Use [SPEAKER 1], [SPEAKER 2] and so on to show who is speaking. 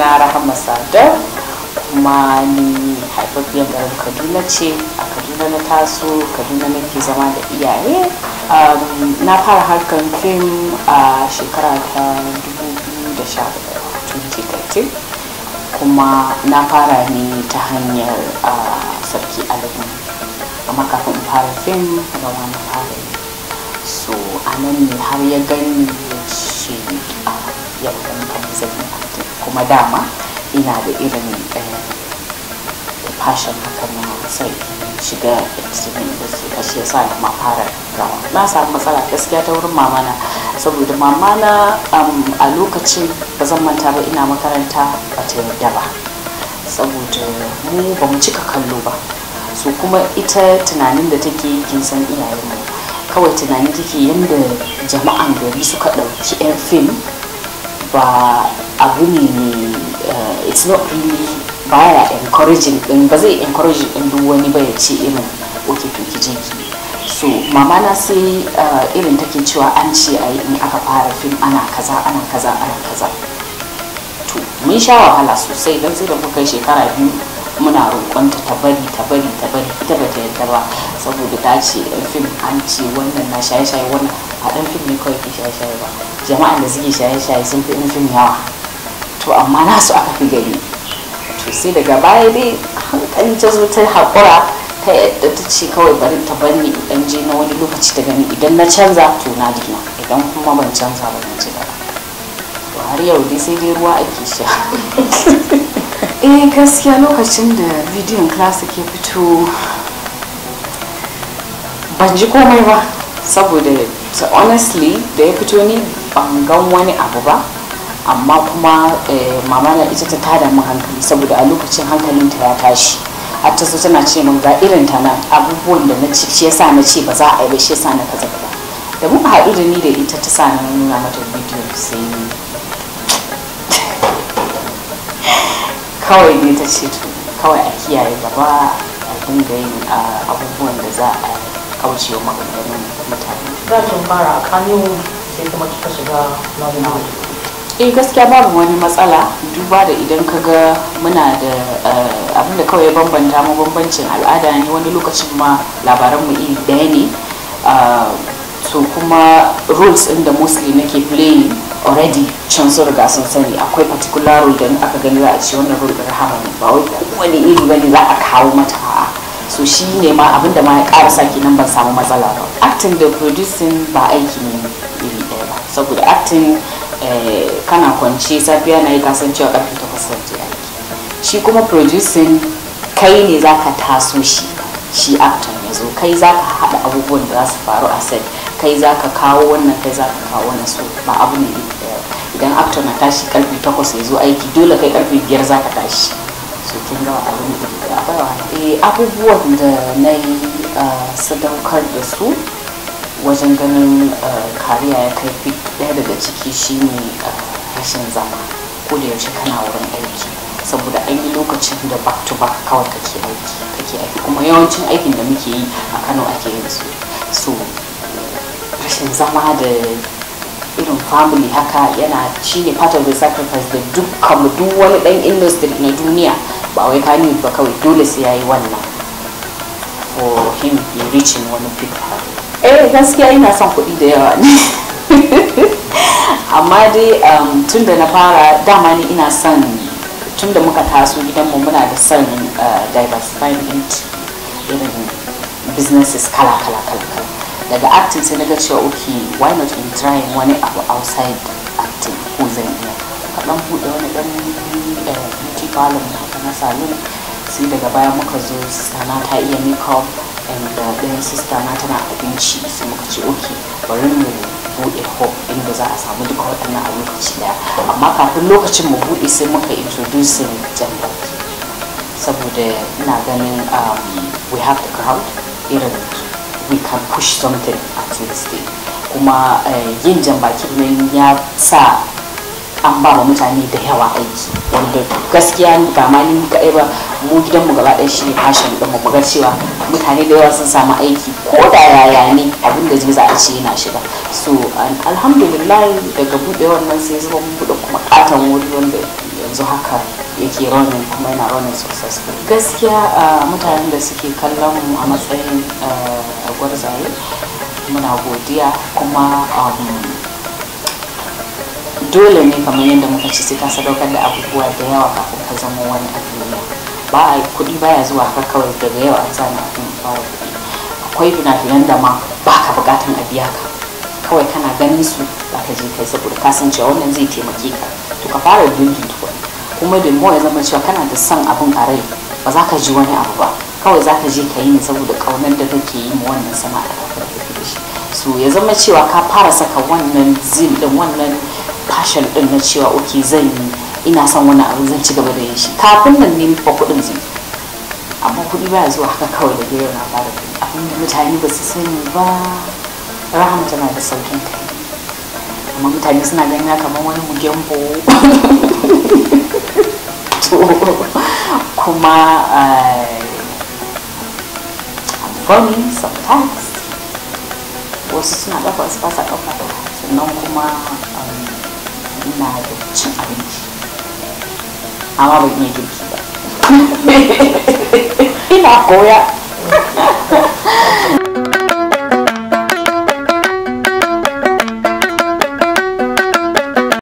[SPEAKER 1] sunana rahama sadar kuma ni haifafiyar garin kaduna ce a kaduna na taso kaduna nake zama da iyaye um, na fara harkar fim a shekara ta 2013 kuma na fara ne ta hanyar sarki alamu amma kafin fara fim ga wani fara so a ne har ya gani ya ce ah, yau da zai kuma dama ina da irin eh, fashin haka na sai shiga cikin da shi yasa na fara gawa na samu matsala gaskiya ta wurin mamana saboda mamana um, a lokacin ba zan manta ba ina makaranta ba ta yarda ba saboda mu ba mu cika kallo ba su kuma ita tunanin da take kin san iyayen mu kawai tunanin take yadda jama'an gari suka ɗauki 'yan fim ba abu ne ne eh, it's not really baya encouraging din ba zai encouraging din duk wani ba ya ce irin oke ki so mama na sai eh, irin take cewa an ce a in aka fara fim ana kaza ana kaza ana kaza to mun sha wahala sosai don sai da kai shekara biyu muna roƙonta ta bari ta bari ta bari ita ba ta yadda ba saboda ta ce ɗan fim an ce wannan na shaye-shaye wannan a ɗan fim ne kawai ke shaye-shaye ba jama'an da suke shaye-shaye sun fi ɗan fim yawa to amma nasu aka fi gani to sai daga baya dai hankali ta zo ta haƙura ta yadda ta ce kawai bari ta bari ɗan je na wani lokaci ta gani idan na canza to na dina idan kuma ban canza ba na ci gaba to har yau dai sai dai ruwa ake sha eh gaskiya lokacin da bidiyon classic ya fito ban ji komai ba saboda honestly da ya fito ni ban gan wani abu ba amma kuma eh, mama na ita ta tada mu hankali saboda a lokacin hankalinta ya tashi har ta so tana ce min ga irin ta na abubuwan da na ci shi yasa na ce ba za a yi ba shi yasa na kaza ba da muka haɗu da ni da ita ta sa na nuna mata bidiyon sai kawai ne ta ce kawai a kiyaye gaba a dinga yin abubuwan da za a kauce wa maganganun mutane za ta fara a kano sai kuma kika shiga magana eh gaskiya babu wani matsala duba da idan ka ga muna da eh, abin da kawai ya bambanta mu bambancin al'ada ne wani lokacin ma labaran mu iri daya ne ah, so kuma rules ɗin da mostly nake playing already can riga sun sani akwai particular rule aka gani za a ce wannan rule rahama ba wai wani iri bane za a kawo mata a'a so shi ne ma abinda ma ya saki nan ban samu matsala ba acting da producing ba aiki ne iri ɗaya ba saboda acting eh, kana kwance safiya na yi kasancewa karfe ta kasance aiki shi kuma producing kai ne za ka taso shi shi acting ya zo kai za ka haɗa abubuwan da za su faru a set kai za ka kawo wannan kai za ka kawo wannan so ba abu ne eh, idan actor na tashi karfe takwas ya zo aiki dole kai karfe biyar za ka tashi so kin ga abu ne da eh, abubuwan da na yi eh, sadaukar da su wajen ganin kariya ya kai fit ɗaya daga ciki shine rashin zama ko da yaushe kana wurin aiki saboda an yi lokacin da back to back kawai kake aiki kake aiki kuma yawancin aikin da muke yi a kano ake yin su so rashin zama da irin family haka yana ne part of the sacrifice da dukkan duk wani dan industry na duniya ba wai ka ba kawai dole sai yayi wannan for him in reaching of eh gaskiya ina son kuɗi da yawa ne amma dai um, tun da na fara dama ni ina son tun da muka taso gidan mu muna da son uh, diversifying irin businesses kala kala kala kala daga acting sai naga cewa okay why not in try wani abu outside acting ko zan iya kaɗan buɗe wani ɗan eh, beauty parlor na haka na salon sai daga baya muka zo sana ta iya makeup and then eh, sista na tana abinci sai muka ce okay bari mu buɗe hop inda za a samu duka waɗannan a lokaci daya amma kafin lokacin mu buɗe sai muka introducing jambaki saboda ina ganin um, we have the crowd irin we can push something at this kuma yin jan nan ya sa an ba wa mutane da yawa aiki wanda gaskiya ba ma ni kaɗai ba mu gidan mu gaba ɗaya shi ne fashion din mu ga cewa mutane da yawa sun samu aiki ko da yaya ne abin da zai za a ce yana shiga so alhamdulillah daga buɗewar wannan sai zuwa mu buɗe kuma ƙaton wuri wanda yanzu haka yake ronin kuma yana ronin successful gaskiya mutanen da suke kallon mu a matsayin gwarzaye muna godiya kuma um, dole ne kamar yadda muka ci sai ka sadaukar da abubuwa da yawa kafin ka zama wani a duniya ba a kuɗi baya zuwa haka kawai daga yau an sami abin fara kudi akwai finafinan da ma ba ka bukatan a biya ka kawai kana ganin su ba ka je kai saboda ka cewa wannan zai taimake ka to ka fara dindin tukun kuma da mu ya zama cewa kana da son abin a rai ba za ka ji wani abu ba kawai za ka je ka yi ne saboda kaunar da kake yi ma wannan sama da kake shi so ya zama cewa ka fara saka wannan zil din wannan passion din na cewa oke zan yi ina son wani abu zan ci gaba da yin shi kafin nan ne fa kuɗin zai amma kuɗi baya zuwa haka kawai da gero na fara abin da mutane ba su sani ba rahama tana da saukin kai kuma mutane suna ganin ya kamar wani mugen mugembo kuma eh, funny sometimes wasu suna ɗauka wasu fasa ɗauka sannan kuma um, ina da cin abinci amma ba iya girki ba ina koya